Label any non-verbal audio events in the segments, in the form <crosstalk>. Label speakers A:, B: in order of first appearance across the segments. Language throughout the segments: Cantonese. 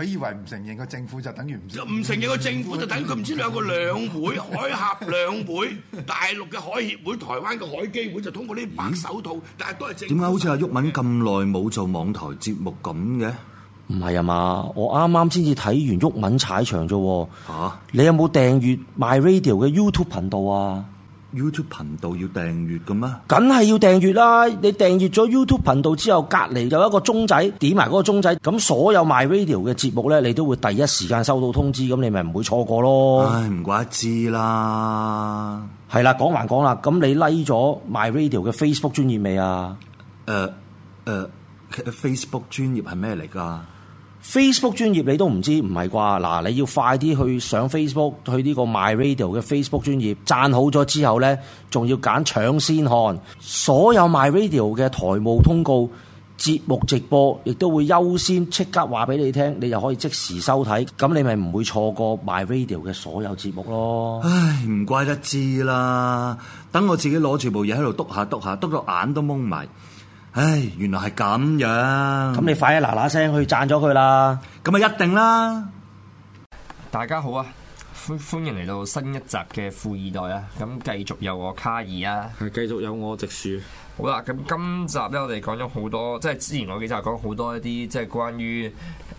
A: 佢以為唔承認個政府就等於唔
B: 承認個政府，政府就等佢唔知兩個兩會 <laughs> 海峽兩會，大陸嘅海協會、台灣嘅海基會就通過呢啲白手套，咦但係都係政府。點解好似阿鬱文咁耐冇做網台節目咁嘅？唔係啊嘛，我啱啱先至睇完鬱文踩場啫。嚇、啊！你有冇訂閱 My Radio 嘅 YouTube 頻道啊？YouTube 頻道要訂閱㗎咩？梗係要訂閱啦！你訂閱咗 YouTube 頻道之後，隔離有一個鐘仔，點埋嗰個鐘仔，咁所有 MyRadio 嘅節目呢，你都會第一時間收到通知，咁你咪唔會錯過咯。唉，唔怪得之啦。係啦，講還講啦，咁你 like 咗 MyRadio 嘅 Facebook 專頁未啊？誒誒、uh, uh,，Facebook 專頁係咩嚟㗎？Facebook 專業你都唔知唔係啩？嗱，你要快啲去上 Facebook，去呢個 MyRadio 嘅 Facebook 專業，讚好咗之後呢，仲要揀搶先看所有 MyRadio 嘅台務通告、節目直播，亦都會優先即刻話俾你聽，你就可以即時收睇，咁你咪唔會錯過 MyRadio 嘅所有節目咯。唉，唔怪得知啦，等我自己攞住部嘢喺度篤下篤下，篤到眼都蒙埋。唉，原來係咁樣。咁你快啲嗱嗱聲去贊咗佢啦。咁咪，一定啦。大家好啊！歡歡迎嚟到新一集嘅
C: 富易袋啊！咁繼續有我卡爾啊，係繼續有我直樹。好啦，咁今集咧我哋講咗好多，即係之前我幾集講好多一啲，即係關於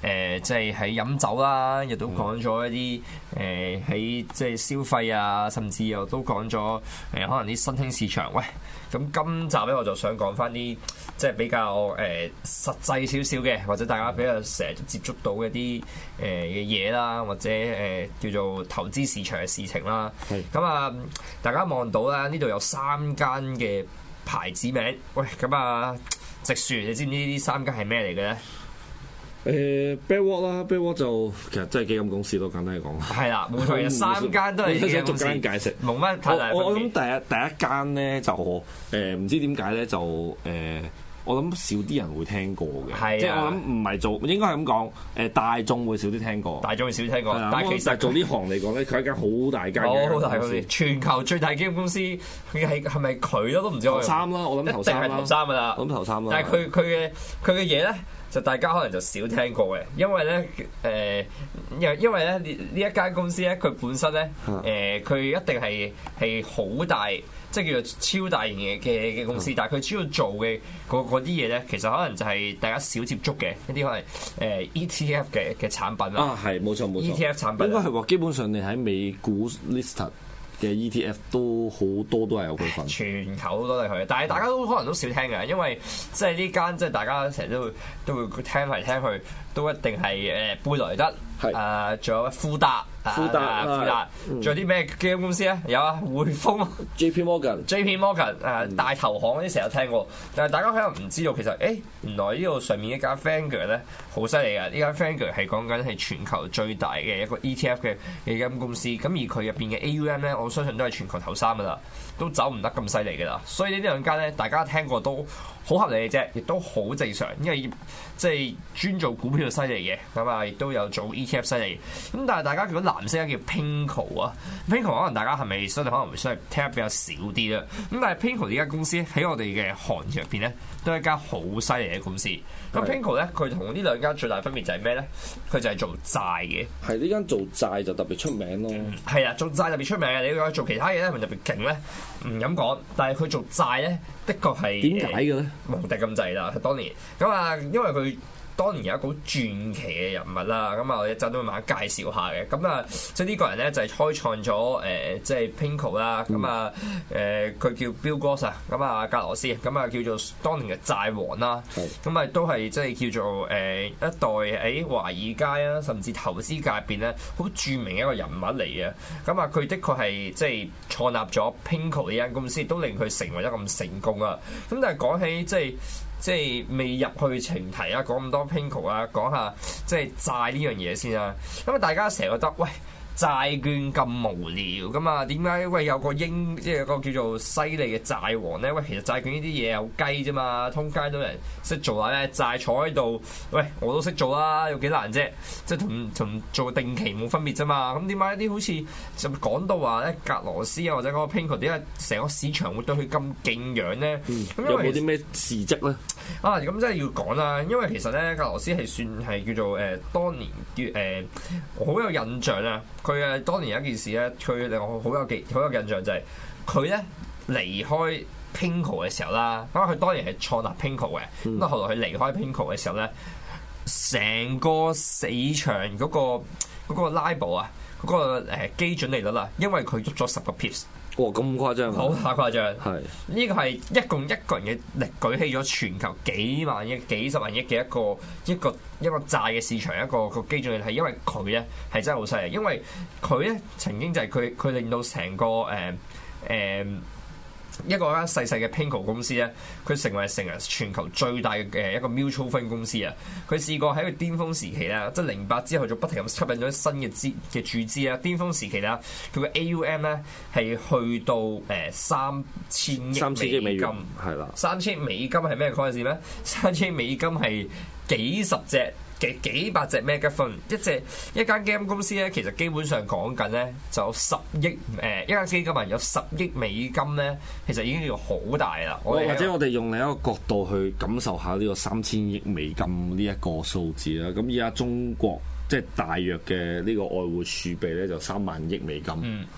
C: 誒，即係喺飲酒啦，亦都講咗一啲誒，喺即係消費啊，甚至又都講咗誒，可能啲新興市場喂。咁今集咧我就想講返啲。即係比較誒、呃、實際少少嘅，或者大家比較成日接觸到一啲誒嘅嘢啦，或者誒、呃、叫做投資市場嘅事情啦。咁啊的，大家望到啦，呢度有三間嘅牌子名。喂，咁啊，直樹，你知唔知呢三間係咩嚟嘅
A: 咧？誒 b e 啦 b e 就其實真係基金公司都簡單嚟講。係啦，冇錯，嗯、三間都係基金。三冇乜紹。我我諗第一第一間咧就誒，唔、呃、知點解咧就誒。呃我諗少啲人會聽過嘅，啊、即係我諗唔係做，應該係咁講。誒、呃，大眾會少啲聽過，大眾會少聽過。嗯、但係其實做行呢行嚟講咧，佢係一間好大間嘅公司、哦大大大，
C: 全球最大基金公司。佢係係咪佢都都唔知三啦，我諗頭三啦。一定係頭三噶啦。我諗頭三啦。三啦三啦但係佢佢嘅佢嘅嘢咧，就大家可能就少聽過嘅，因為咧，誒、呃，因因為咧呢一間公司咧，佢本身咧，誒、呃，佢一定係係好大。即係叫做超大型嘅嘅公司，嗯、但係佢主要做嘅嗰啲嘢咧，其實可能就係大家少接觸嘅一啲可能誒 ETF 嘅
A: 嘅產品啊，係冇錯冇錯，ETF 產品應該係話基本上你喺美股 list 嘅 ETF 都好多都係有佢份，全球都係佢。但係大家都可能都少聽嘅，
C: 因為即係呢間即係大家成日都會都會聽嚟聽去，都一定係誒貝萊德，係誒仲有富達，富達富達，仲有啲咩基金公司咧？有啊，匯豐，J P Morgan，J P Morgan 誒大投行嗰啲成日聽過，但係大家可能唔知道，其實誒、欸、原來呢度上面依間 Vanguard 咧好犀利㗎，呢間 Vanguard 係講緊係全球最大嘅一個 ETF 嘅基金公司，咁而佢入邊嘅 AUM 咧，我相信都係全球頭三噶啦。都走唔得咁犀利嘅啦，所以呢啲兩間咧，大家聽過都好合理嘅啫，亦都好正常，因為即係專做股票就犀利嘅，咁啊亦都有做 ETF 犀利。咁但係大家如果藍色啊叫 PIMCO 啊 PIMCO 可能大家係咪相對可能會聽得比較少啲咧？咁但係 PIMCO 呢間公司喺我哋嘅行業入邊咧，都係間好犀利嘅公司。咁的 PIMCO 咧，佢同呢兩間最大分別呢就係咩咧？
A: 佢就係做債嘅，係呢間做債就特別出名咯。
C: 係啊，做債特別出名嘅，你話做其他嘢咧咪特別勁咧？唔敢講，但係佢做債咧，的確係點解嘅咧？無敵咁滯啦，當、呃、年咁啊，因為佢。當年有一個傳奇嘅人物啦，咁啊我一陣都會慢慢介紹下嘅。咁啊，即係呢個人咧就係、是、開創咗誒，即係 PIMCO 啦。咁啊誒，佢、呃、叫 Bill Gross，咁啊格羅斯，咁啊叫做當年嘅債王啦。咁啊都係即係叫做誒、呃、一代喺華爾街啊，甚至投資界入邊咧好著名嘅一個人物嚟嘅。咁啊，佢的確係即係創立咗 PIMCO 呢間公司，都令佢成為一咁成功啊。咁但係講起即係。即係未入去正題啊，講咁多 Pinko 啊，講下即係債呢樣嘢先啊。咁啊，大家成日覺得喂，債券咁無聊噶嘛？點解喂有個英即係有個叫做犀利嘅債王咧？喂，其實債券呢啲嘢有雞啫嘛，通街都人識做啊！咩債坐喺度？喂，我都識做啦、啊，有幾難啫？即係同同做定期冇分別啫嘛？咁點解一啲好似就講到話咧，格羅斯啊或者嗰個 PIMCO 點解成個市場會對佢咁敬仰
A: 咧？嗯、因為有冇啲咩
C: 事蹟咧？啊，咁真係要講啦，因為其實咧，格羅斯係算係叫做誒當、呃、年誒好、呃、有印象啊。佢啊，當年有一件事咧，佢令我好有記，好有印象就係佢咧離開 PIMCO 嘅時候啦。咁啊，佢當年係創立 PIMCO 嘅，咁啊，後來佢離開 PIMCO 嘅時候咧，成個市場嗰個嗰個拉布啊，嗰個誒基準利率啦，因為佢喐咗十個
A: pips 哇！咁誇張好太誇張，係
C: 呢是個係一共一個人嘅力舉起咗全球幾萬億、幾十萬億嘅一個一個一個，一個債嘅市場，一個一個基準，係因為佢咧係真係好犀利，因為佢咧曾經就係佢佢令到成個誒誒。呃呃一個咧細細嘅 PIMCO 公司咧，佢成為成日全球最大嘅一個 mutual fund 公司啊！佢試過喺佢個巔峯時期咧，即係零八之後就不停咁吸引咗新嘅資嘅注資咧。巔峯時期咧，佢嘅 AUM 咧係去到誒三千億美金，係啦，三千美金係咩 concept 咧？三千美金係幾十隻？幾幾百隻咩嘅分一隻一間 game 公司咧，其實基本上講緊咧就有十億誒、呃、一間基金啊，有十億美金咧，其實已經要好大啦。嗯、我或者
A: 我哋用另一個角度去感受下呢個三千億美金呢一個數字啦。咁而家中國。即係大約嘅呢個外匯儲備咧，就三萬億美金。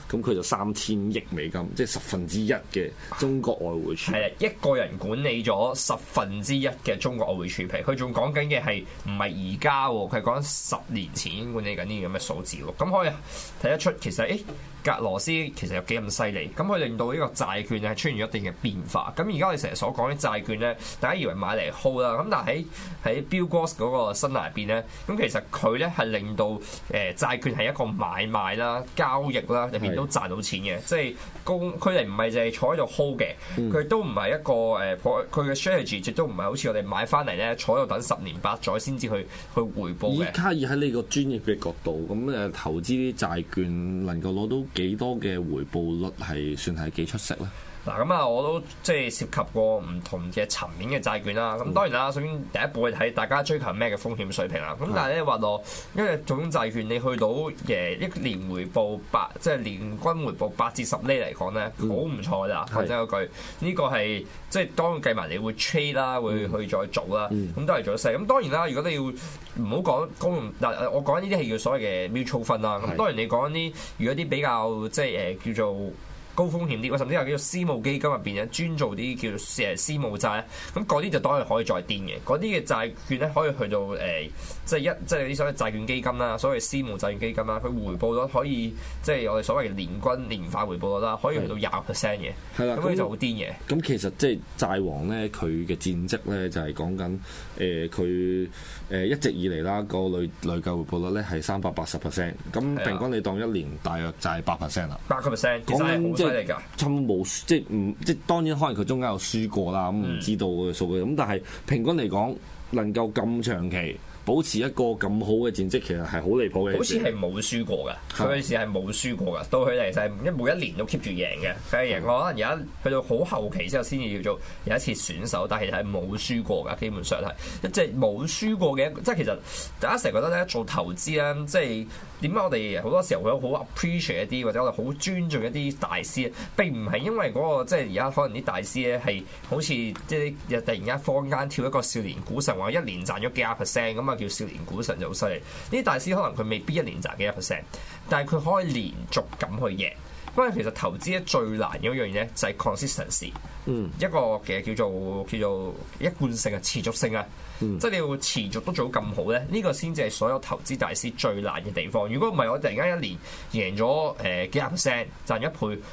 A: 咁佢、嗯、就三千億美金，即係十分之一嘅中國外匯儲備。係啊，一個人管理咗
C: 十分之一嘅中國外匯儲備。佢仲講緊嘅係唔係而家喎？佢係講十年前管理緊呢啲咁嘅數字喎。咁可以睇、啊、得出其實誒。欸格羅斯其實有幾咁犀利，咁佢令到呢個債券係出現咗一定嘅變化。咁而家我哋成日所講啲債券咧，大家以為買嚟 hold 啦，咁但係喺喺 Bill Gross 嗰個生涯入邊咧，咁其實佢咧係令到誒、呃、債券係一個買賣啦、交易啦入邊都賺到錢嘅，是即係公佢哋唔係淨係坐喺度 hold 嘅，佢、嗯、都唔係一個誒，佢嘅 strategy 亦都唔係好似我哋買翻嚟咧坐喺度等十年八載先至去去回報，而以卡
A: 爾喺呢個專業嘅角度，咁誒投資啲債券能夠攞到幾多嘅回報率係算係幾出色咧？
C: 嗱咁啊，我都即係涉及過唔同嘅層面嘅債券啦。咁當然啦，首先第一步係睇大家追求咩嘅風險水平啦。咁但係咧話落，因為總債券你去到誒一年回報八是，即係年均回報八至十厘嚟講咧，好唔錯啦。頭先有句，呢個係即係當計埋你會 trade 啦，會去再做啦，咁都係做得細。咁當然啦，如果你要唔好講公用嗱、呃，我講呢啲係叫所謂嘅 mutual fund 啦。咁當然你講啲如果啲比較即係誒、呃、叫做。高風險啲，我甚至有叫做私募基金入邊嘅專做啲叫做誒私募債咧，咁嗰啲就當然可以再癲嘅，嗰啲嘅債券咧可以去到誒，即、呃、係、就是、一即係啲所謂債券基金啦，所謂私募債券基金啦，佢回報率可以即係、就是、我哋所謂年均年化回報率啦，可以去到廿 percent 嘅，係啦，咁的就好癲嘅。
A: 咁其實即係債王咧，佢嘅戰績咧就係、是、講緊誒佢誒一直以嚟啦，個累累計回報率咧係三百八十 percent，咁平均你當一年大約就係八 percent 啦，
C: 八 percent，
A: 犀冇輸即即係，當然可能佢中間有輸過啦，咁唔知道嘅數據咁。但係平均嚟講，能夠咁長期，保持一個咁好嘅戰績，其實係好離譜嘅。好似係冇輸過㗎，嗰陣時
C: 係冇輸過㗎，到佢哋就係因為每一年都 keep 住贏嘅，佢贏咯。可能而家去到好後期之後先至叫做有一次損手，但係其實係冇輸過㗎。基本上係、就是，即係冇輸過嘅，即係其實大家成日覺得咧，做投資咧，即係點解我哋好多時候會好 appreciate 一啲，或者我哋好尊重一啲大師？並唔係因為、嗰個，即係而家可能啲大師咧係好似即係突然間坊間跳一個少年股神，話一年賺咗幾廿 percent 咁啊！叫少年股神就好犀利，呢啲大師可能佢未必一年賺幾多 percent，但係佢可以連續咁去贏。因為其實投資咧最難嘅一樣嘢就係 consistency，、嗯、一個嘅叫做叫做一貫性啊、持續性啊。嗯、即係你要持續都做到咁好咧，呢、這個先至係所有投資大師最難嘅地方。如果唔係，我突然間一年贏咗誒、呃、幾十 percent，賺一倍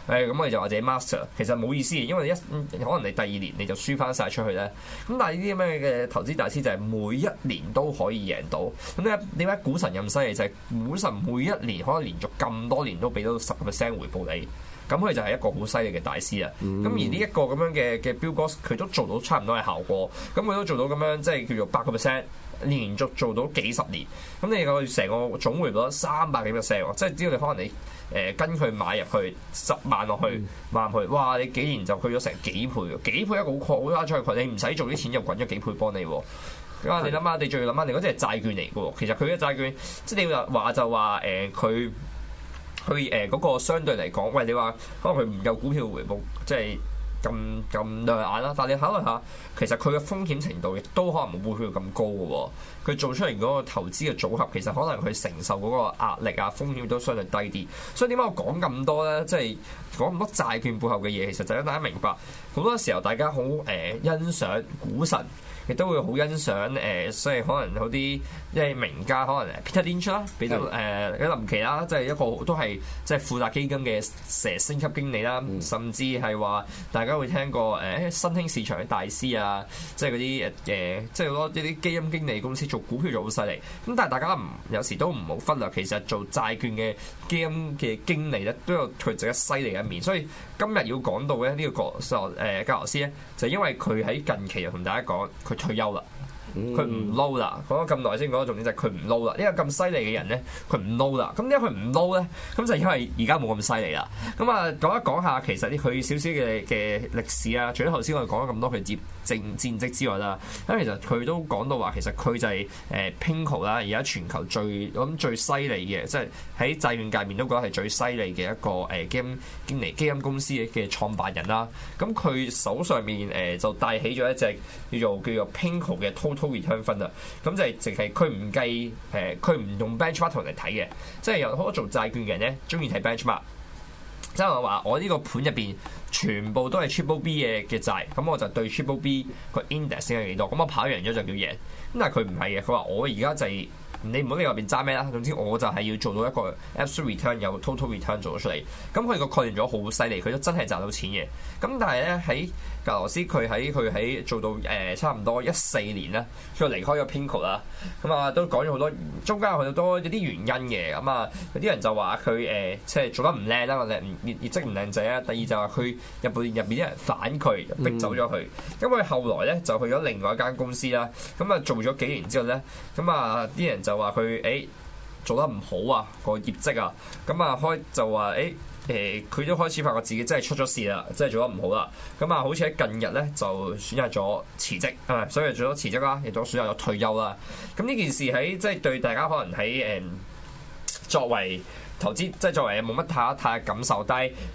C: 誒，咁、哎、我就話自己 master，其實冇意思，因為一、嗯、可能你第二年你就輸翻晒出去咧。咁但係呢啲咁嘅投資大師就係每一年都可以贏到。咁咧點解股神咁犀利就係股神每一年可能連續咁多年都俾到十 percent 回報你。咁佢就係一個好犀利嘅大師啊！咁、嗯、而呢一個咁樣嘅嘅標哥，佢都做到差唔多係效果。咁佢都做到咁樣，即係叫做百個 percent 連續做到幾十年。咁你個成個總回報三百幾 percent 喎，即係只要你可能你誒、呃、跟佢買入去十萬落去，買入去，哇！你幾年就去咗成幾倍嘅，幾倍一個好誇，好誇張，你唔使做啲錢就滾咗幾倍幫你。咁啊，你諗下，你仲要諗下，你嗰啲係債券嚟嘅喎。其實佢嘅債券，即係你話話就話誒佢。呃佢誒嗰個相對嚟講，喂，你話可能佢唔夠股票回報，即係。咁咁亮眼啦，但係你考慮下，其實佢嘅風險程度亦都可能冇股票咁高嘅。哦，佢做出嚟嗰個投資嘅組合，其實可能佢承受嗰個壓力啊風險都相對低啲。所以點解我講咁多咧？即係講咁多債券背後嘅嘢，其實就等大家明白，好多時候大家好誒、呃、欣賞股神，亦都會好欣賞誒、呃，所以可能有啲即係名家，可能 Peter Lynch 啦，彼得林奇啦，即係一個都係即係富達基金嘅成日星級經理啦，甚至係話大大家會聽過誒、欸、新興市場嘅大師啊，即係嗰啲誒，即係好多呢啲基金經理公司做股票做好犀利。咁但係大家唔有時都唔好忽略，其實做債券嘅基金嘅經理咧都有佢值得犀利嘅一面。所以今日要講到咧、這個欸、呢個國壽誒格羅斯咧，就是、因為佢喺近期又同大家講佢退休啦。佢唔撈啦，講咗咁耐先講到重點就，就係佢唔撈啦。呢個咁犀利嘅人咧，佢唔撈啦。咁點解佢唔撈咧？咁就因為而家冇咁犀利啦。咁啊，講一講一下其實啲佢少少嘅嘅歷史啊，除咗頭先我哋講咗咁多佢戰戰戰績之外啦，咁其實佢都講到話，其實佢就係誒 PIMCO 啦，而家全球最我諗最犀利嘅，即係喺債券界面都覺得係最犀利嘅一個誒基金經理、基金公司嘅創辦人啦。咁佢手上面誒就帶起咗一隻叫做叫做 PIMCO 嘅。套位香分啊，咁就係淨係佢唔計誒，佢唔用 benchmark 嚟睇嘅，即係有好多做債券嘅人咧，中意睇 benchmark。即係話話我呢個盤入邊全部都係 triple B 嘅嘅債，咁我就對 triple B 個 index 升咗幾多，咁我跑贏咗就叫贏。咁但係佢唔係嘅，佢話我而家就係。 <music> <music> 你唔好喺入邊揸咩啦，總之我就係要做到一個 absolute return 有 total return 做咗出嚟，咁佢個概念做得好犀利，佢都真係賺到錢嘅。咁但係咧喺格羅斯，佢喺佢喺做到誒差唔多一四年啦，佢離開咗 PIMCO 啦，咁啊都講咗好多，中間有好多啲原因嘅。咁啊有啲人就話佢誒即係做得唔靚啦，或者業業績唔靚仔啊。第二就話佢日本入邊啲人反佢，逼走咗佢，因為後來咧就去咗另外一間公司啦，咁啊做咗幾年之後咧，咁啊啲人就話佢誒做得唔好啊，個業績啊咁啊開就話誒誒佢都開始發覺自己真係出咗事啦，真係做得唔好啦。咁啊，好似喺近日咧就選擇咗辭職啊，所以係做咗辭職啦，亦都選擇咗退休啦，啊。咁呢件事喺即係對大家可能喺誒、嗯、作為投資，即、就、係、是、作為冇乜太大嘅感受。低。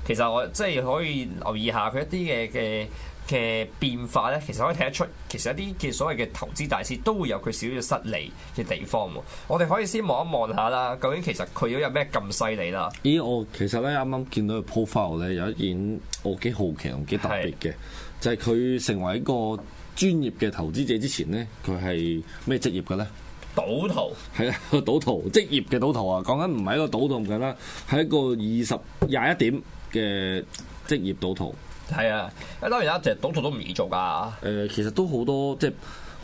C: 其實我即係、就是、可以留意下佢一啲嘅嘅嘅變化咧，其實可以睇得出，其實一啲嘅所謂嘅投資大師都會有佢少少失利嘅地方喎。我哋可以先望一望下啦，究竟其實佢有咩咁犀利啦？
A: 咦、欸，我其實咧啱啱見到佢 profile 咧有一件我幾好奇同幾特別嘅，是就係佢成為一個專業嘅投資者之前咧，佢係咩職業嘅咧？賭徒係啊，賭徒，職業嘅賭徒啊，講緊唔係一個賭徒咁噶啦，係一個二十廿一點嘅職業賭徒。係啊，當然啦，其實賭徒都唔易做噶。誒，其實都好多即係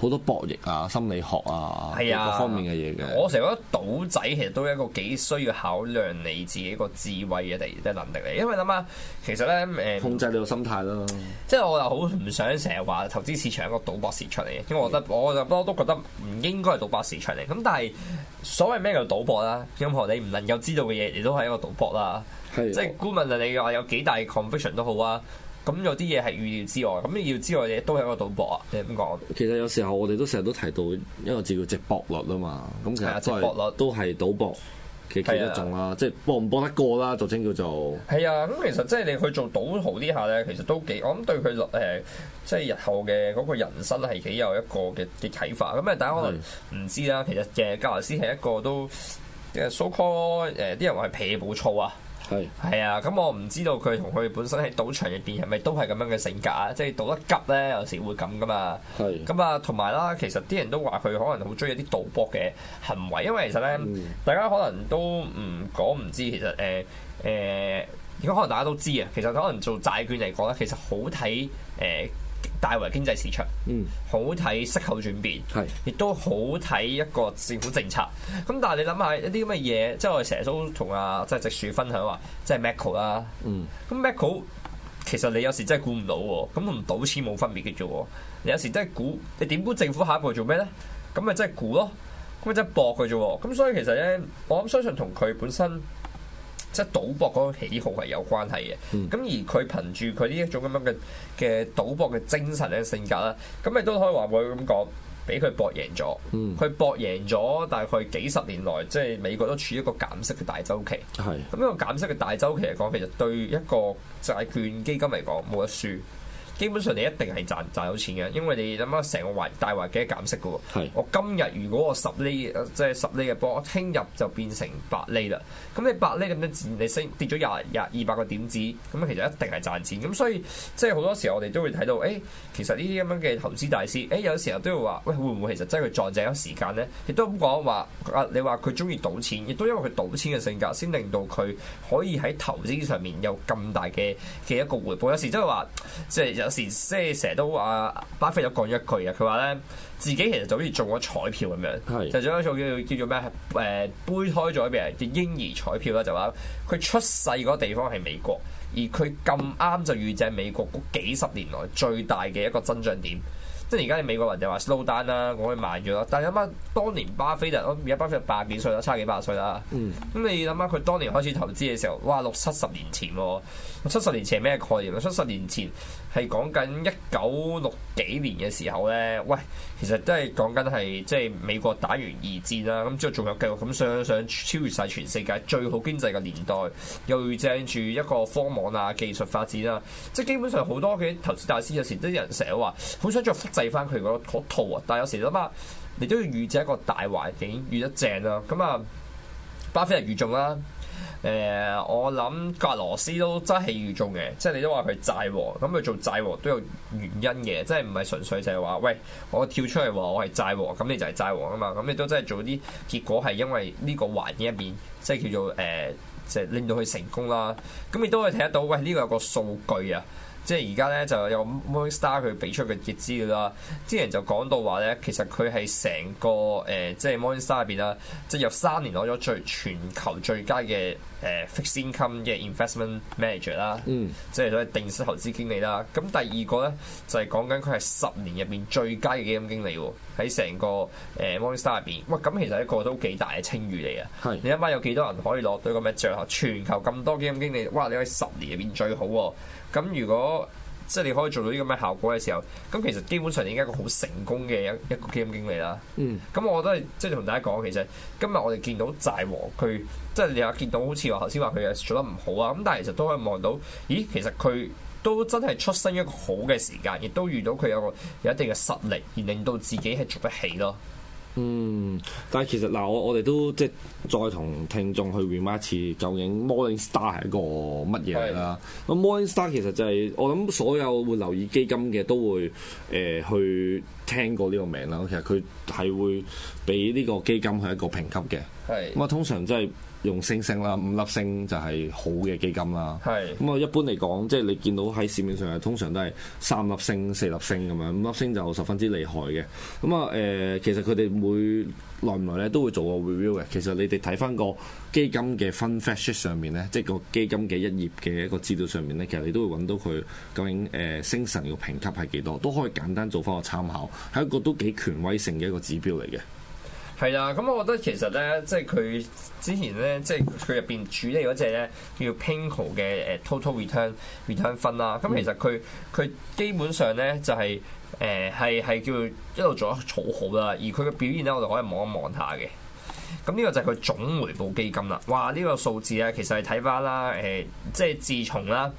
A: 好多博弈啊，心理學啊，係啊，各方面嘅嘢嘅。我成日覺
C: 得賭仔其實都係一個幾需要考量你自己個智慧嘅第能力嚟，因為諗下其實咧誒，嗯、控
A: 制你個心態啦。
C: 即係我又好唔想成日話投資市場一個賭博事出嚟嘅，因為我覺得的我就多都覺得唔應該係賭博事出嚟。咁但係所謂咩叫賭博啦？任何你唔能夠知道嘅嘢，亦都係一個賭博啦。的即係顧問你話有幾大 conviction 都好啊。咁有啲嘢係預料之外，咁預料之外嘢都係一個賭博啊！你點講？
A: 其實有時候我哋都成日都提到一個字叫值博率啊嘛，咁其實都係賭博嘅其中一種啦，啊、即係博唔博得過啦，就稱叫做。
C: 係啊，咁其實即係你去做賭徒呢下咧，其實都幾，我諗對佢律即係日後嘅嗰個人生係幾有一個嘅嘅啟發。咁啊，大家可能唔知啦。是其實誒，格拉斯係一個都誒 so call 誒，啲、呃、人話係脾氣暴躁啊。係啊，咁我唔知道佢同佢本身喺賭場入邊係咪都係咁樣嘅性格啊，即係賭得急呢，有時會咁噶嘛。係咁啊，同埋啦，其實啲人都話佢可能好鍾意啲賭博嘅行為，因為其實呢，大家可能都唔講唔知，其實誒誒，應該可能大家都知啊。其實可能做債券嚟講呢，其實好睇誒。嗯嗯嗯嗯大圍經濟市場，嗯，好睇息口轉變，係，亦都好睇一個政府政策。咁但係你諗下一啲咁嘅嘢，即係我哋成日都同啊即係直樹分享話，即係 Macau 啦，嗯，咁 Macau 其實你有時真係估唔到喎，咁唔賭錢冇分別嘅啫。你有時真係估你點估政府下一步做咩咧？咁咪真係估咯，咁咪真係搏佢啫。咁所以其實咧，我諗相信同佢本身，即係賭博嗰個喜好係有關係嘅，咁、嗯、而佢憑住佢呢一種咁樣嘅嘅賭博嘅精神咧性格啦，咁亦都可以話會咁講，俾佢博贏咗，佢博、嗯、贏咗，大概幾十年來，即係美國都處於一個減息嘅大周期，咁呢個減息嘅大周期嚟講，其實對一個債券基金嚟講冇得輸。基本上你一定係賺賺到錢嘅，因為你諗下成個環大環境係減息嘅喎。嗯、我今日如果我十厘，即係十厘嘅波，我聽日就變成百厘啦。咁你百厘咁樣，你升跌咗廿廿二百個點子，咁其實一定係賺錢。咁所以即係好多時候我哋都會睇到，誒、欸，其實呢啲咁樣嘅投資大師，誒、欸、有時候都會話，喂，會唔會其實真係佢撞正咗時間咧？亦都咁講話啊，你話佢中意賭錢，亦都因為佢賭錢嘅性格，先令到佢可以喺投資上面有咁大嘅嘅一個回報。有時即係話，即係有。時即係成日都話巴菲特講一句呀，佢話咧自己其實就好似中咗彩票咁樣，是就中咗種叫叫做咩誒，胚胎咗俾人嘅嬰兒彩票啦，就話佢出世嗰地方係美國，而佢咁啱就遇正美國幾十年來最大嘅一個增長點。即係而家啲美國人就話 slow down 啦，我可以慢咗啦。但係諗下當年巴菲特，而家巴菲特百幾歲啦，差幾百歲啦。咁、嗯、你諗下佢當年開始投資嘅時候，哇六七十年前喎、哦，七十年前係咩概念啊？七十年前係講緊一九六幾年嘅時候咧，喂，其實都係講緊係即係美國打完二戰啦，咁之後仲有繼續咁想想超越晒全世界最好經濟嘅年代，又正住一個科網啊、技術發展啊，即係基本上好多嘅投資大師有時都有人成日話，好想再睇翻佢個套啊，但有時諗下，你都要預置一個大環境預得正咯。咁啊，巴菲特預中啦。誒、呃，我諗格羅斯都真係預中嘅，即係你都話佢債王，咁佢做債王都有原因嘅，即係唔係純粹就係話喂，我跳出嚟話我係債王，咁你就係債王啊嘛。咁你都真係做啲結果係因為呢個環境入面，即係叫做誒，即、呃、係令到佢成功啦。咁你都可以睇得到，喂，呢、呢個有個數據啊。即係而家咧，就有 Morningstar 佢俾出嘅資料啦。之前就講到話咧，其實佢係成個誒、呃，即係 Morningstar 入邊啦，即係有三年攞咗最全球最佳嘅誒、呃、Fixed Income 嘅 Investment Manager 啦，嗯、即係定息投資經理啦。咁第二個咧就係、是、講緊佢係十年入邊最佳嘅基金經理喺成個誒 Morningstar 入邊。哇！咁其實一個都幾大嘅稱譽嚟啊。是你諗下有幾多人可以攞到個咩獎啊？全球咁多基金經理，哇！你喺十年入邊最好，啊。咁如果即係你可以做到呢咁嘅效果嘅時候，咁其實基本上已經一個好成功嘅一一個基金經理啦。嗯。咁我覺得係即係同大家講，其實今日我哋見到債王佢，即係你有見到好似我頭先話佢做得唔好啊。咁但係其實都可以望到，咦？其實佢都真係出生一個好嘅時間，亦都遇到佢有個有一定嘅實力，而令到自己係做得起咯。
A: 嗯，但係其實嗱，我我哋都即係再同聽眾去 remember 一次，究竟 Morning Star 係一個乜嘢嚟啦？咁是 Morning Star 其實就係、是、我諗所有會留意基金嘅都會誒、呃、去聽過呢個名啦。其實佢係會俾呢個基金係一個評級嘅，咁啊是通常即係。用星星啦，五粒星就係好嘅基金啦。係咁啊，一般嚟講，即係你見到喺市面上係通常都係三粒星、四粒星咁樣，五粒星就十分之厲害嘅。咁、嗯、啊，誒、呃，其實佢哋每耐唔耐咧，都會做個 review 嘅。其實你哋睇翻個基金嘅 fund fact sheet 上面咧，即係個基金嘅一頁嘅一個資料上面咧，其實你都會揾到佢究竟誒、呃、星神嘅評級係幾多，都可以簡單做翻個參考，係一個都幾權威性嘅一個指標嚟嘅。
C: 係啦，咁我覺得其實咧，即係佢之前咧，即係佢入邊處理嗰隻咧，叫 p i n k o 嘅誒 Total Return Return 分啦。咁其實佢佢基本上咧就係誒係係叫一路做咗儲好啦。而佢嘅表現咧，我就可以望一望下嘅。咁呢個就係佢總回報基金啦。哇！呢、這個數字咧，其實係睇翻啦，誒、呃，即係自從啦，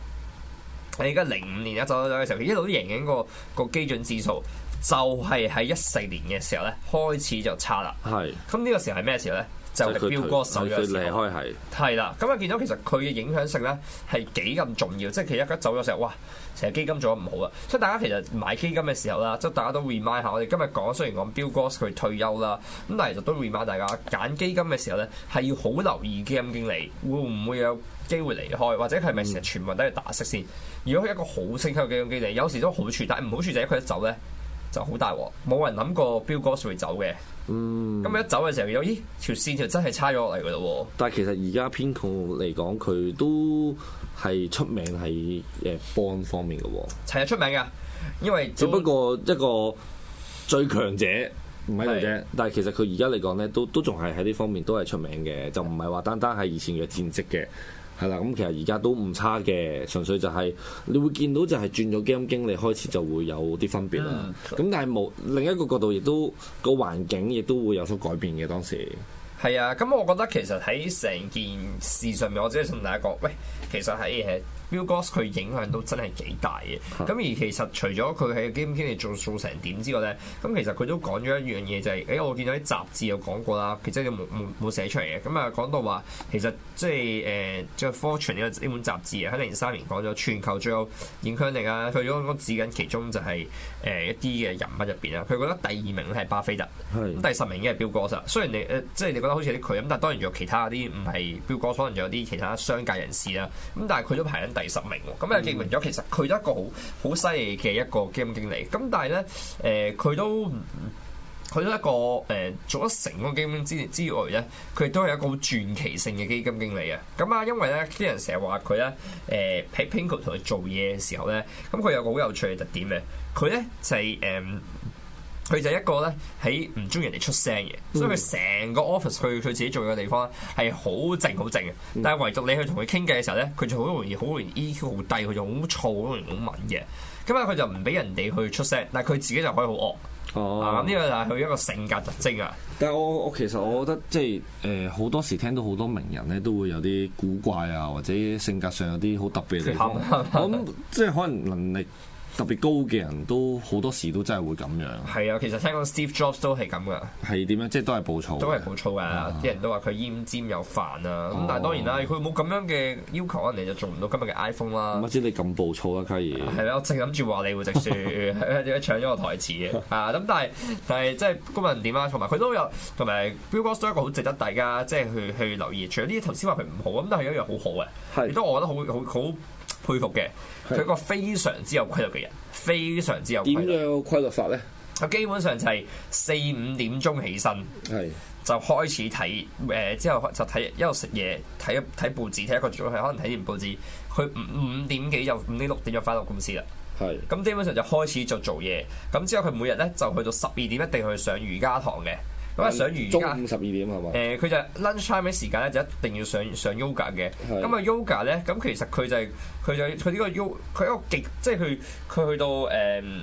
C: 喺而家零五年一走咗嘅時候，佢一路都贏緊、那個、那個基準指數。就係喺一四年嘅時候咧，開始就差啦。係，咁呢個時候係咩時候咧？就係標哥走嘅時候。離開，係係啦。咁啊，見到其實佢嘅影響性咧係幾咁重要，即係佢一走嘅時候，哇！成日基金做得唔好啊。所以大家其實買基金嘅時候啦，即係大家都 remind 下，我哋今日講雖然講標哥佢退休啦，咁但係其實都 remind 大家揀基金嘅時候咧，係要好留意基金經理會唔會有機會離開，或者係咪成日全部都去打息先。如果佢一個好清晰嘅基金經理，有時都好處，但係唔好處就係佢一走咧。就好大鑊，冇人諗過 Bill 哥會走嘅。嗯，咁一走嘅時候，咦，條線就真係差咗落嚟
A: 噶咯喎。但係其實而家 PIMCO 嚟講，佢都係出名係誒 bond 方面嘅喎。係係出名嘅，
C: 因為只不過
A: 一個最強者唔喺度啫。但係其實佢而家嚟講咧，都都仲係喺呢方面都係出名嘅，就唔係話單單係以前嘅戰績嘅。係啦，咁其實而家都唔差嘅，純粹就係你會見到就係轉咗基金經理開始就會有啲分別啦。咁、嗯、但係冇另一個角度，亦都個環境亦都會有所改變嘅。當時係啊，咁我覺得其
C: 實喺成件事上面，我只係同大家講，喂，其實喺。依 Bill Gates 佢影響都真係幾大嘅，咁、啊、而其實除咗佢喺經濟方面做做成點之外咧，咁其實佢都講咗一樣嘢就係、是，誒我見到啲雜誌有講過啦，其實你冇冇冇寫出嚟嘅，咁啊講到話其實即係誒《The Fortune》呢、這個、本雜誌喺零三年講咗全球最有影響力啊，佢如果講指緊其中就係、是、誒、呃、一啲嘅人物入邊啊，佢覺得第二名咧係巴菲特，咁是第十名已經係 Bill Gates 雖然你、呃、即係你覺得好似啲佢咁，但係當然有其他啲唔係 Bill Gates 可能仲有啲其他商界人士啦，咁但係佢都排緊第十名，咁啊證明咗其實佢都一個好好犀利嘅一個基金經理，咁但係咧，誒、呃、佢都佢、呃、都一個誒、呃、做咗成個基金之之外咧，佢都係一個好傳奇性嘅基金經理嘅，咁啊因為咧啲人成日話佢咧，誒喺 Pingo 同佢做嘢嘅時候咧，咁佢有個好有趣嘅特點嘅，佢咧就係、是、誒。嗯佢就係一個咧，喺唔中意人哋出聲嘅，所以佢成個 office 去佢自己做嘅地方咧，係好靜好靜嘅。但係唯獨你去同佢傾偈嘅時候咧，佢就好容易好容易 EQ 好低，佢就好燥，好容易好敏嘅。咁啊，佢就唔俾人哋去出聲，但係佢自己就可以好惡。哦，啊，咁呢個就係佢一個性格特徵啊。
A: 但係我我其實我覺得即係誒，好、呃、多時聽到好多名人咧都會有啲古怪啊，或者性格上有啲好特別嘅地方。咁即係可能能力。特別高嘅人都好多時都真係會咁樣。係啊，
C: 其實聽講 Steve Jobs 都係咁噶。
A: 係點樣？即係都係暴躁。都係
C: 暴躁啊！啲人都話佢奄尖又煩啊。咁但係當然啦，佢冇咁樣嘅要求，人哋就做唔到今日嘅 iPhone 啦。乜
A: 知你咁暴躁啊，卡爾？係啊，
C: 我淨諗住話你會直樹，點搶咗個台詞嘅啊？咁但係但係即係今日點啊？同埋佢都有同埋 Bill Gates 都一個好值得大家即係去去留意。除咗呢啲頭先話佢唔好咁，都係一樣好好嘅。亦都我覺得好好好。佩服嘅，佢個非常之有規律嘅人，非常之有規律。點樣
A: 有規律法
C: 咧？佢基本上就係四五點鐘起身，係是的 就開始睇誒、呃，之後就睇一路食嘢，睇睇報紙，睇一個早，係可能睇完報紙，佢五五點幾就五點六點就翻到公司啦。係咁，基本上就開始就做嘢。咁之後佢每日咧就去到十二點一定去上瑜伽堂嘅。咁啊上瑜伽
A: 中午十二點係嘛？誒
C: 佢就 lunch time 嘅時間咧就一定要上上 yoga 嘅。咁啊 yoga 咧，咁其實佢就係、是、佢就佢、是、呢個 yoga 佢一個極即係佢佢去到誒。嗯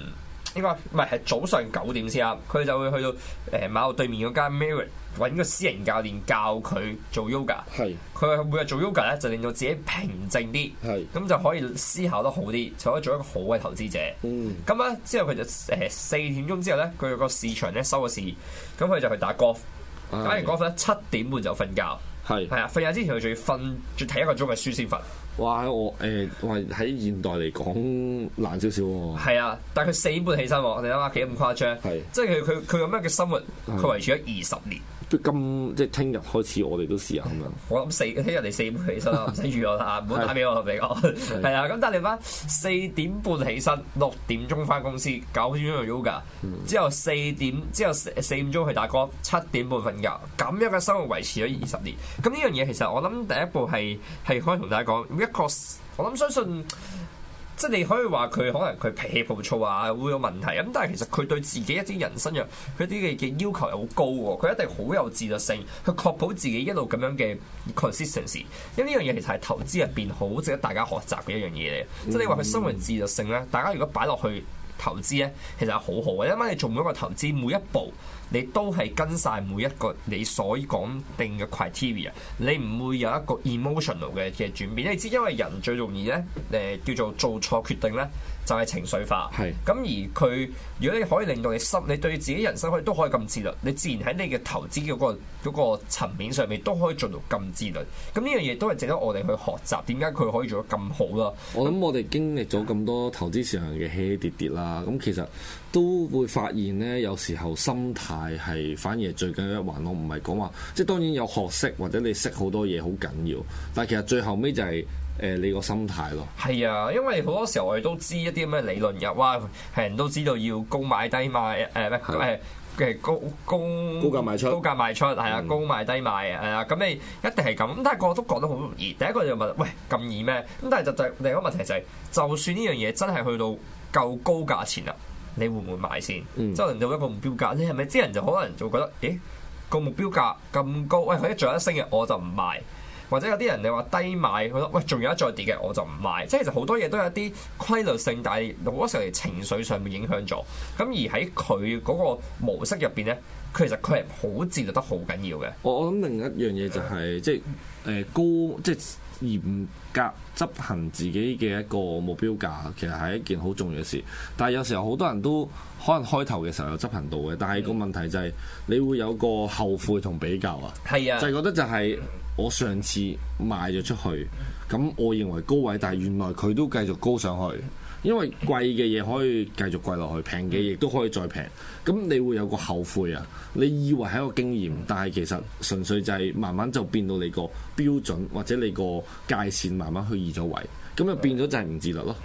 C: 應該唔係，係早上九點先啱。佢就會去到誒、呃、馬路對面嗰間 Merry 揾個私人教練教佢做 yoga 是。係，佢每日做 yoga 咧就令到自己平靜啲。係是，咁就可以思考得好啲，就可以做一個好嘅投資者。嗯，咁咧之後佢就誒四、呃、點鐘之後咧，佢個市場咧收個市，咁佢就去打 golf，打完是 golf 咧七點半就瞓覺。係是，係啊是，瞓覺之前佢仲要瞓，再睇一個鐘嘅書先瞓。哇！
A: 我誒，話、欸、喺現代嚟講難少少喎。
C: 係啊，但係佢四點半起身喎，你諗下幾咁誇張？係是，即係佢佢佢有咩嘅生活？佢維持咗二十年。
A: 即係今即係聽日開始，我哋都試下咁樣。
C: 我諗四聽日你四點起身啦，唔使 <laughs> 預我啦，唔好打俾我，唔俾我。係啊， <laughs> 咁但係你翻四點半起身，六點鐘翻公司，九點鐘做 yoga，之後四點之後四點鐘去打 gym，七點半瞓覺。咁樣嘅生活維持咗二十年。咁呢樣嘢其實我諗第一步係係可以同大家講一個，Because, 我諗相信。即係你可以話佢可能佢脾氣暴躁啊，會有問題。咁但係其實佢對自己一啲人生嘅佢啲嘅嘅要求又好高喎。佢一定好有自律性，去確保自己一路咁樣嘅 consistency。因為呢樣嘢其實係投資入邊好值得大家學習嘅一樣嘢嚟。嗯、即係你話佢生活自律性咧，大家如果擺落去。投資咧其實係好好嘅，因為你做每一個投資，每一步，你都係跟晒每一個你所講定嘅 criteria，你唔會有一個 emotional 嘅嘅轉變。你知因為人最容易咧誒叫做做錯決定咧。就係情緒化，咁係而佢如果你可以令到你心，你對自己人生可以都可以咁自律，你自然喺你嘅投資嘅、嗰個嗰個層面上面都可以做到咁自律。咁呢樣嘢都係值得我哋去學習，點解佢可以做得咁好啦？
A: 我諗我哋經歷咗咁多投資市場嘅起起跌跌啦，咁其實都會發現呢，有時候心態係反而最緊要一環。我唔係講話，即係當然有學識或者你識好多嘢好緊要，但係其實最後尾就係、係。誒你個心態咯，
C: 係啊，因為好多時候我哋都知一啲咁嘅理論嘅，哇，係人都知道要高買低賣，誒咩誒嘅高高高價賣出，高價賣出係、嗯、啊，高賣低賣係啊，咁你一定係咁。咁但係個個都講得好容易，第一個就問喂咁易咩？咁但係就就是、係另一個問題就係、是，就算呢樣嘢真係去到夠高價錢啦，你會唔會賣先？即係、嗯、令到一個目標價，你係咪啲人就可能就會覺得，咦個目標價咁高，喂佢一漲一升嘅我就唔賣。或者有啲人你話低買，佢話喂，仲有一再跌嘅，我就唔買。即係其實好多嘢都有一啲規律性，但係好多時候情緒上面影響咗。咁而喺佢嗰個模式入邊呢，佢其實佢係好自律得好緊要嘅。
A: 我我諗另一樣嘢就係即係誒高，即係嚴格執行自己嘅一個目標價，其實係一件好重要嘅事。但係有時候好多人都可能開頭嘅時候有執行到嘅，但係個問題就係，嗯，你會有個後悔同比較啊。係啊，就係覺得就係。我上次賣咗出去，咁我認為高位，但係原來佢都繼續高上去，因為貴嘅嘢可以繼續貴落去，平嘅嘢都可以再平。咁你會有個後悔啊。你以為係一個經驗，但係其實純粹就係慢慢就變到你個標準或者你個界線慢慢去移咗位，咁就變咗就係唔自律咯。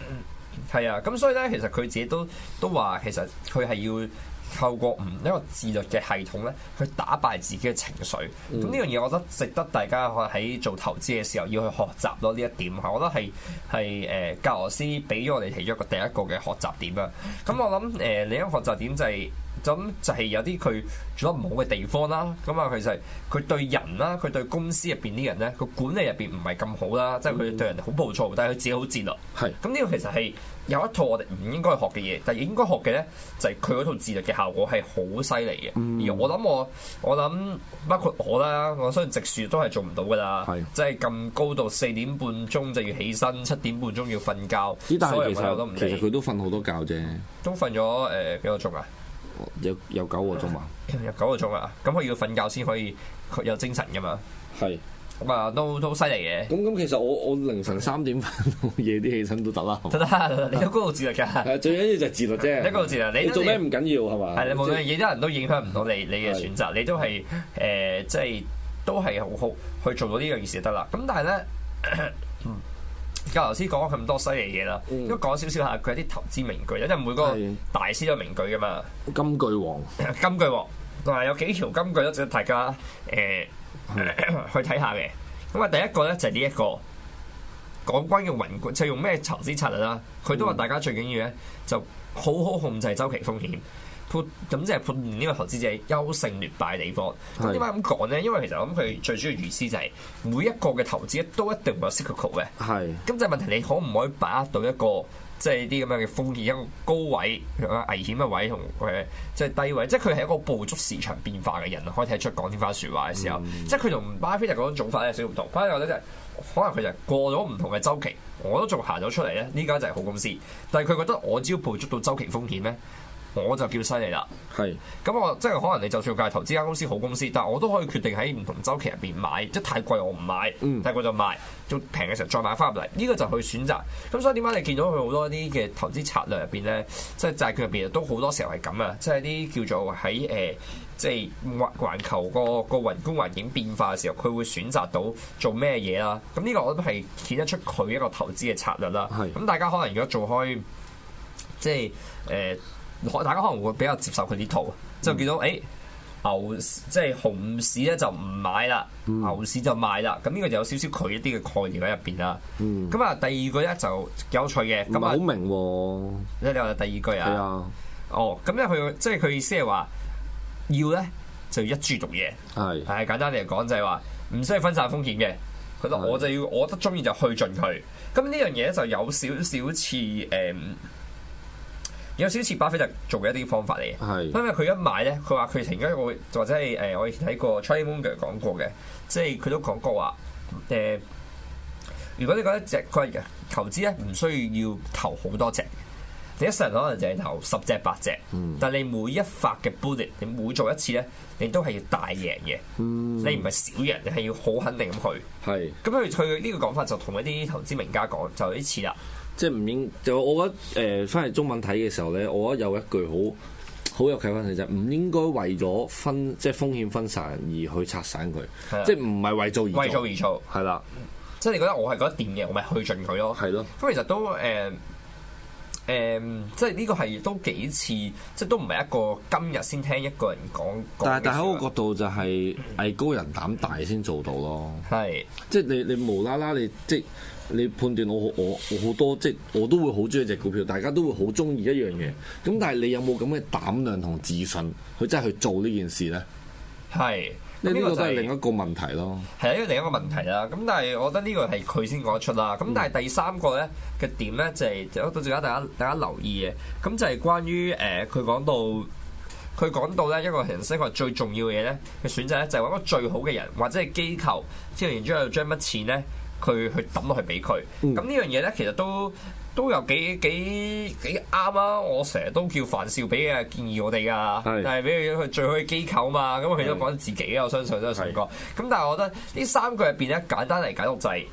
A: 係啊，咁所以呢，其實佢自己都都話，其實佢係要。透過
C: 唔一個自律嘅系統咧，去打敗自己嘅情緒。咁呢樣嘢，我覺得值得大家可能喺做投資嘅時候要去學習咯。呢一點吓，我覺得係係誒格羅斯俾咗我哋其中一個第一個嘅學習點啊。咁、嗯、我諗誒另一個學習點就係、是。咁就係有啲佢做得唔好嘅地方啦，咁、嗯、啊，其實佢對人啦，佢對公司入邊啲人咧，個管理入邊唔係咁好啦，即係佢對人哋好暴躁，但係佢自己好自律。係是，咁呢個其實係有一套我哋唔應該學嘅嘢，但係應該學嘅咧就係佢嗰套自律嘅效果係好犀利嘅。嗯、而我諗我我諗包括我啦，我相信直樹都係做唔到噶啦，即係咁高到四點半鐘就要起身，七點半鐘要瞓覺。呢，但其實我其實佢
A: 都瞓好多覺啫，
C: 都瞓咗誒幾個鐘啊！呃呃呃呃呃呃呃呃
A: 有有九個鐘嘛？
C: 有九個鐘啊！咁佢要瞓覺先可以有精神噶嘛？
A: 係咁是啊，都都好犀利嘅。咁咁，其實我我凌晨三點瞓到夜啲起身都得啦，得啦， <laughs> 你有高度自律噶。 <laughs> 最緊要就係自律啫，高度自律。你，你做咩唔緊要係嘛？係你無論夜
C: 啲人都影響唔到你你嘅選擇，是你都係誒，即、呃、係、就是、都係好好去做到呢樣嘢就得啦。咁但係咧。 <coughs> 而家頭先講咗咁多犀利嘢啦，都講少少下佢啲投資名句。因為每個大師都有名句噶嘛。金句王，金句王，但係有幾條金句都值得大家誒、呃呃呃、去睇下嘅。咁啊，第一個咧就係呢一個講關於運就用咩投資策略啦，佢都話大家最緊要咧就好好控制週期風險。咁即係判斷呢個投資者優勝劣敗嘅地方。咁點解咁講咧？因為其實咁佢最主要意思就係每一個嘅投資咧都一定會有 cycle 嘅。係。咁就問題你可唔可以把握到一個即係啲咁嘅風險一個高位個危險嘅位同即係低位？即係佢係一個捕捉市場變化嘅人，可以睇得出講呢番說話嘅時候，嗯、即係佢同巴菲特嗰種做法有少少唔同。巴菲特可能佢就係過咗唔同嘅周期，我都仲行咗出嚟咧。呢家就係好公司，但係佢覺得我只要捕捉到周期風險咧？我就叫犀利啦，係咁是 我即係可能你就算隔投資間公司好公司，但係我都可以決定喺唔同周期入邊買，即係太貴我唔買，太貴就賣，仲平嘅時候再買翻入嚟，呢、這個就去選擇。咁所以點解你見到佢好多啲嘅投資策略入邊咧，即係債券入邊都好多時候係咁啊！即係啲叫做喺誒、呃，即係環全球個個宏觀環境變化嘅時候，佢會選擇到做咩嘢啦？咁呢個我都係顯得出佢一個投資嘅策略啦。咁是 大家可能如果做開即係誒。呃大家可能會比較接受佢啲圖，嗯、就見到誒、欸、牛，即係熊市咧就唔買啦，嗯、牛市就買啦。咁呢個就有少少佢一啲嘅概念喺入邊啦。咁啊，第二個咧就有趣嘅。咁啊不 天，好明喎。即係你話第二句啊。係啊。哦，咁咧佢即係佢意思係話要咧就要一注讀嘢。係。係簡單啲嚟講，就係話唔需要分散風險嘅。覺得我就要我得中意就去盡佢。咁呢樣嘢咧就有少少似誒。嗯嗯有少少似巴菲特做嘅一啲方法嚟嘅，因為佢一買咧，佢話佢曾經我或者係誒、呃、我以前睇過 Charlie Munger 講過嘅，即係佢都講過話誒、呃，如果你覺得隻，佢投資咧唔需要要投好多隻，你一世人可能淨係投十隻、八隻，嗯、但係你每一發嘅 bullet 你每做一次咧，你都係要大贏嘅、嗯，你唔係小贏，你係要好肯定咁去。係咁佢佢呢個講法就同一啲投資名家講就有啲似啦。
A: 即係唔應就我覺得誒翻嚟中文睇嘅時候咧，我覺得有一句好好有啟發性就係唔應該為咗分即係風險分散而去拆散佢，的即係唔係為做而做做而做係啦，
C: 的即係你覺得我係覺得掂嘅，我咪去盡佢咯。係咯的。咁其實都誒誒、呃呃，即係呢個係都幾次，即係都唔係一個今日先聽一個人講。但係喺
A: 我嗰個角度就係藝高人膽大先做到咯。係的的。即係你你無啦啦你即你判斷我好，我我好多即係我都會好鍾意隻股票，大家都會好鍾意一樣嘢。咁但係你有冇咁嘅膽量同自信去真係去做呢件事咧？係呢個都、就、係、是、另一個問題咯。
C: 係啊，因為另一個問題啦。咁但係我覺得呢個係佢先講得出啦。咁但係第三個咧嘅點咧、就是，就係到時而家大家大家留意嘅。咁就係關於誒，佢、呃、講到佢講到咧一個形式，規劃最重要嘅嘢咧，嘅選擇咧，就揾個最好嘅人或者係機構之後然之後又將乜錢咧？佢去抌落去俾佢，咁、嗯、呢樣嘢咧，其實都都有幾幾幾啱啊！我成日都叫范少俾嘅、啊、建議我哋噶、啊，係俾佢去最好嘅機構嘛。咁佢亦都講自己啊，我相信真係上過。咁是 但係我覺得三呢三個入邊咧，簡單嚟解讀就係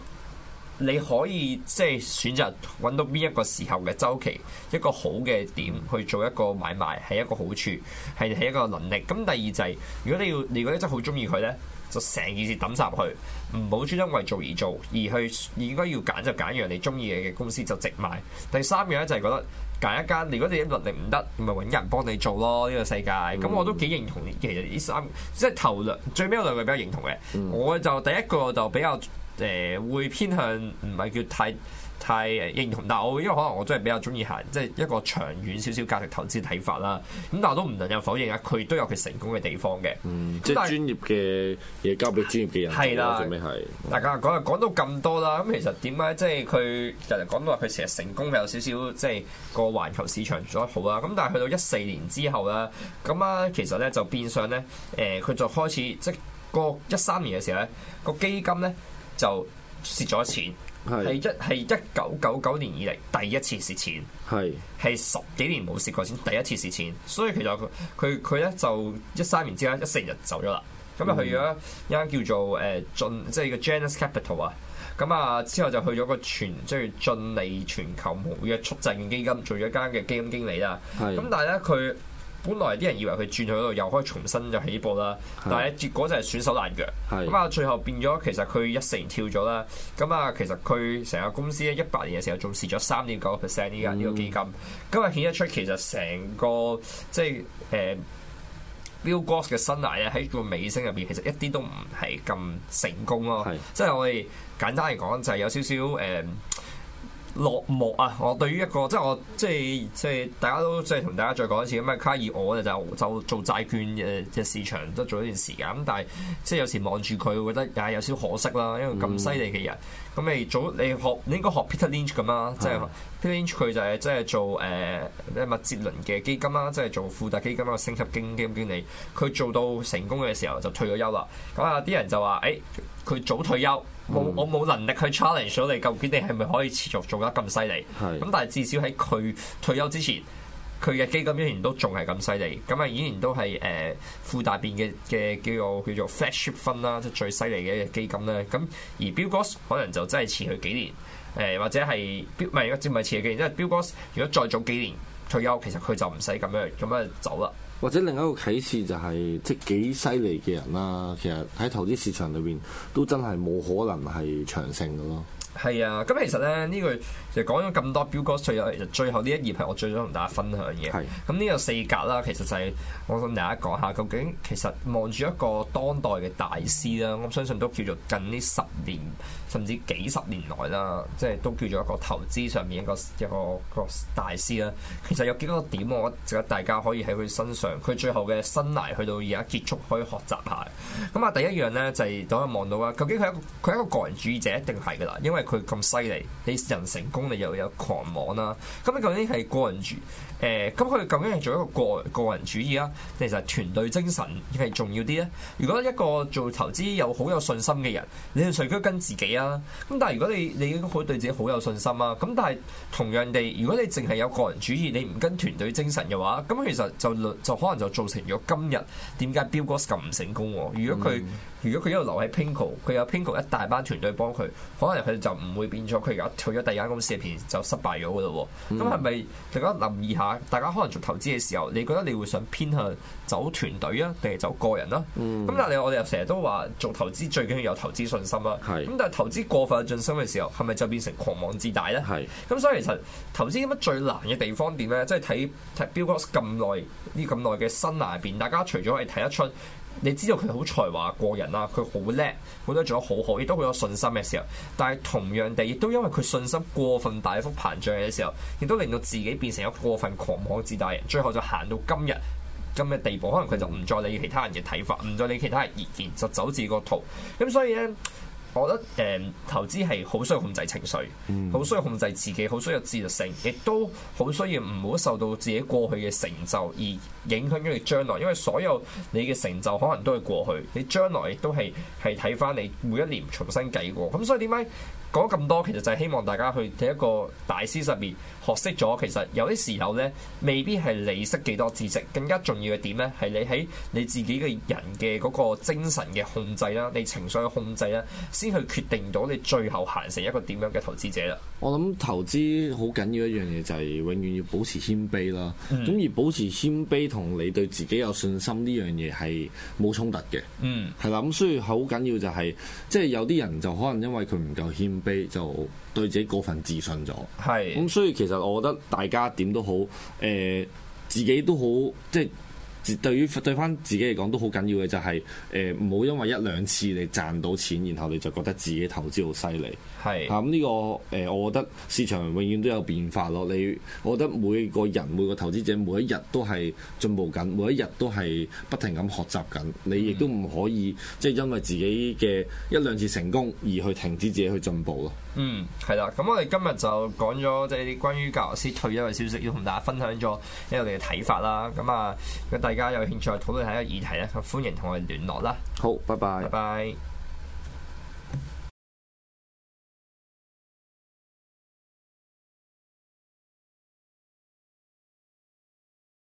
C: 你可以即係、就是、選擇揾到邊一個時候嘅周期，一個好嘅點去做一個買賣，係一個好處，係係一個能力。咁第二就係、是，如果你要你覺得真係好中意佢咧。就成件事抌晒落去，唔好專登為做而做，而去應該要揀就揀樣你中意嘅公司就直買。第三樣咧就係、是、覺得揀一間，如果你嘅能力唔得，咪揾人幫你做咯。呢、這個世界，咁、嗯、我都幾認同。其實呢三即係頭兩，最尾有兩個比較認同嘅。嗯、我就第一個就比較誒、呃、會偏向，唔係叫太太認同，但係我因為可能我都係比較中意行，即係一個長遠少少價值投資睇法啦。咁但係都唔能夠否認啊，佢都有佢成功嘅地方嘅。
A: 嗯，但即係專業嘅嘢交俾專業嘅人做啦。最尾係，
C: 大家講到咁多啦。咁其實點解即係佢日日講到話佢成日成功有少少，即係個環球市場做得好啦。咁但係去到一四年之後啦，咁啊其實咧就變相咧誒，佢、呃、就開始即係過一三年嘅時候咧，個基金咧就蝕咗錢，係一，係一九九九年以嚟第一次蝕錢，係係十幾年冇蝕過錢，第一次蝕錢，所以其實佢佢佢咧就一三年之間一四年就走咗啦，咁啊去咗一間叫做誒進即係個 Genesis Capital 啊，咁啊之後就去咗個全即係進利全球無約束嘅基金做咗一間嘅基金經理啦，咁是的 但係咧佢。本來啲人以為佢轉去度又可以重新就起步啦，但係結果就係損手爛腳，咁啊是的 最後變咗其實佢一成跳咗啦，咁啊其實佢成個公司咧一八年嘅時候仲蝕咗三點九個 percent 呢個基金，咁啊，顯得出其實成個即係誒、呃、Bill Gross 嘅生涯咧喺個尾聲入邊其實一啲都唔係咁成功咯，是的 即係我哋簡單嚟講就係有少少誒。呃落幕啊！我對於一個即係我即係即係大家都即係同大家再講一次咁嘅卡爾，我就做就做債券嘅嘅市場都做一段時間咁，但係即係有時望住佢，覺得又係、啊、有少少可惜啦，因為咁犀利嘅人咁、嗯、你早你學你應該學 Peter Lynch 咁啦、嗯呃，即係 Peter Lynch 佢就係即係做誒咩麥哲倫嘅基金啦，即係做富達基金一個升級經金經理，佢做到成功嘅時候就退咗休啦。咁啊啲人就話誒，佢、欸、早退休。我我冇能力去 challenge 到你，究竟你係咪可以持續做得咁犀利？咁是但係至少喺佢退休之前，佢嘅基金依然都仲係咁犀利。咁啊，依然都係誒富大變嘅嘅叫做叫做 flagship 分啦，即係最犀利嘅基金咧。咁、啊、而 Bill Gross 可能就真係遲佢幾年誒、呃，或者係唔係即係唔係遲佢幾年，因為 Bill Gross 如果再早幾年退休，其實佢就唔使咁樣咁啊走啦。
A: 或者另一個啟示就係、是，即係幾犀利嘅人啦、啊。其實喺投資市場裏邊，都真係冇可能係長勝㗎囉。
C: 係啊，咁其實咧呢句就講咗咁多表哥，最後，其實最後呢一頁係我最想同大家分享嘅。係，咁呢個四格啦，其實就係、是、我想大家講下，究竟其實望住一個當代嘅大師啦，我相信都叫做近呢十年甚至幾十年來啦，即係都叫做一個投資上面一個一個，一個大師啦。其實有幾多個點，我值得大家可以喺佢身上，佢最後嘅生涯去到而家結束可以學習下。咁啊，第一樣呢，就係望到啊，究竟佢係佢係一個個人主義者一定係噶啦，因為佢咁犀利，你人成功，你又有狂妄啦。咁佢究竟係個人主義？誒、呃，咁佢究竟係做一個個人個人主義啊？其實團隊精神係重要啲咧？如果一個做投資有好有信心嘅人，你要隨佢跟自己啊。咁但係如果你你好對自己好有信心啊，咁但係同樣地，如果你淨係有個人主義，你唔跟團隊精神嘅話，咁其實就就可能就造成咗今日點解 Bill Gross 咁唔成功。如果佢。嗯如果佢一路留喺 PIMCO，佢有 PIMCO 一大班團隊幫佢，可能佢就唔會變咗。佢而家退咗第二間公司入邊就失敗咗噶啦喎。咁係咪大家留意下？大家可能做投資嘅時候，你覺得你會想偏向走團隊啊，定係走個人啦？咁、嗯、但係我哋又成日都話做投資最緊要有投資信心啦。咁是 但係投資過分嘅信心嘅時候，係咪就變成狂妄自大咧？咁是 所以其實投資咁樣最難嘅地方點咧？即係睇睇 Bill Gross 咁耐呢咁耐嘅生涯入邊，大家除咗係睇得出。你知道佢好才華過人啦，佢好叻，佢都做得好好，亦都好有信心嘅時候。但係同樣地，亦都因為佢信心過分大幅膨脹嘅時候，亦都令到自己變成一個過分狂妄自大嘅人，最後就行到今日今日嘅地步。可能佢就唔再理其他人嘅睇法，唔再理其他人意見，就走自個途。咁所以呢。我覺得誒、嗯、投資係好需要控制情緒，好需要控制自己，好需要自律性，亦都好需要唔好受到自己過去嘅成就而影響咗你將來。因為所有你嘅成就可能都係過去，你將來亦都係係睇返你每一年重新計過。咁所以點解講咁多？其實就係希望大家去睇一個大師實驗。學識咗，其實有啲時候咧，未必係你識幾多知識，更加重要嘅點咧，係你喺你自己嘅人嘅嗰個精神嘅控制啦，你情緒嘅控制啦，先去決定到你最後行成一個點樣嘅投資者啦。
A: 我諗投資好緊要一樣嘢就係永遠要保持謙卑啦。咁、嗯、而保持謙卑同你對自己有信心呢樣嘢係冇衝突嘅。嗯，係啦，咁所以好緊要就係，即係有啲人就可能因為佢唔夠謙卑，就對自己過分自信咗。係是，咁、嗯、所以其其實我覺得大家點都好，誒、呃，自己都好，即係。對於對返自己嚟講都好緊要嘅就係，誒，唔好因為一兩次你賺到錢，然後你就覺得自己投資好犀利。係嚇咁，呢個誒、呃，我覺得市場永遠都有變化咯。你，我覺得每個人、每個投資者每一日都係進步緊，每一日都係不停咁學習緊。你亦都唔可以、嗯、即係因為自己嘅一兩次成功而去停止自己去進步咯。
C: 嗯，係啦。咁我哋今日就講咗即係關於格羅斯退休嘅消息，要同大家分享咗一啲我哋嘅睇法啦。咁啊，大家有興趣討論
A: 下呢個議題咧，歡迎同我哋聯絡啦。好，拜拜。拜拜。拜拜。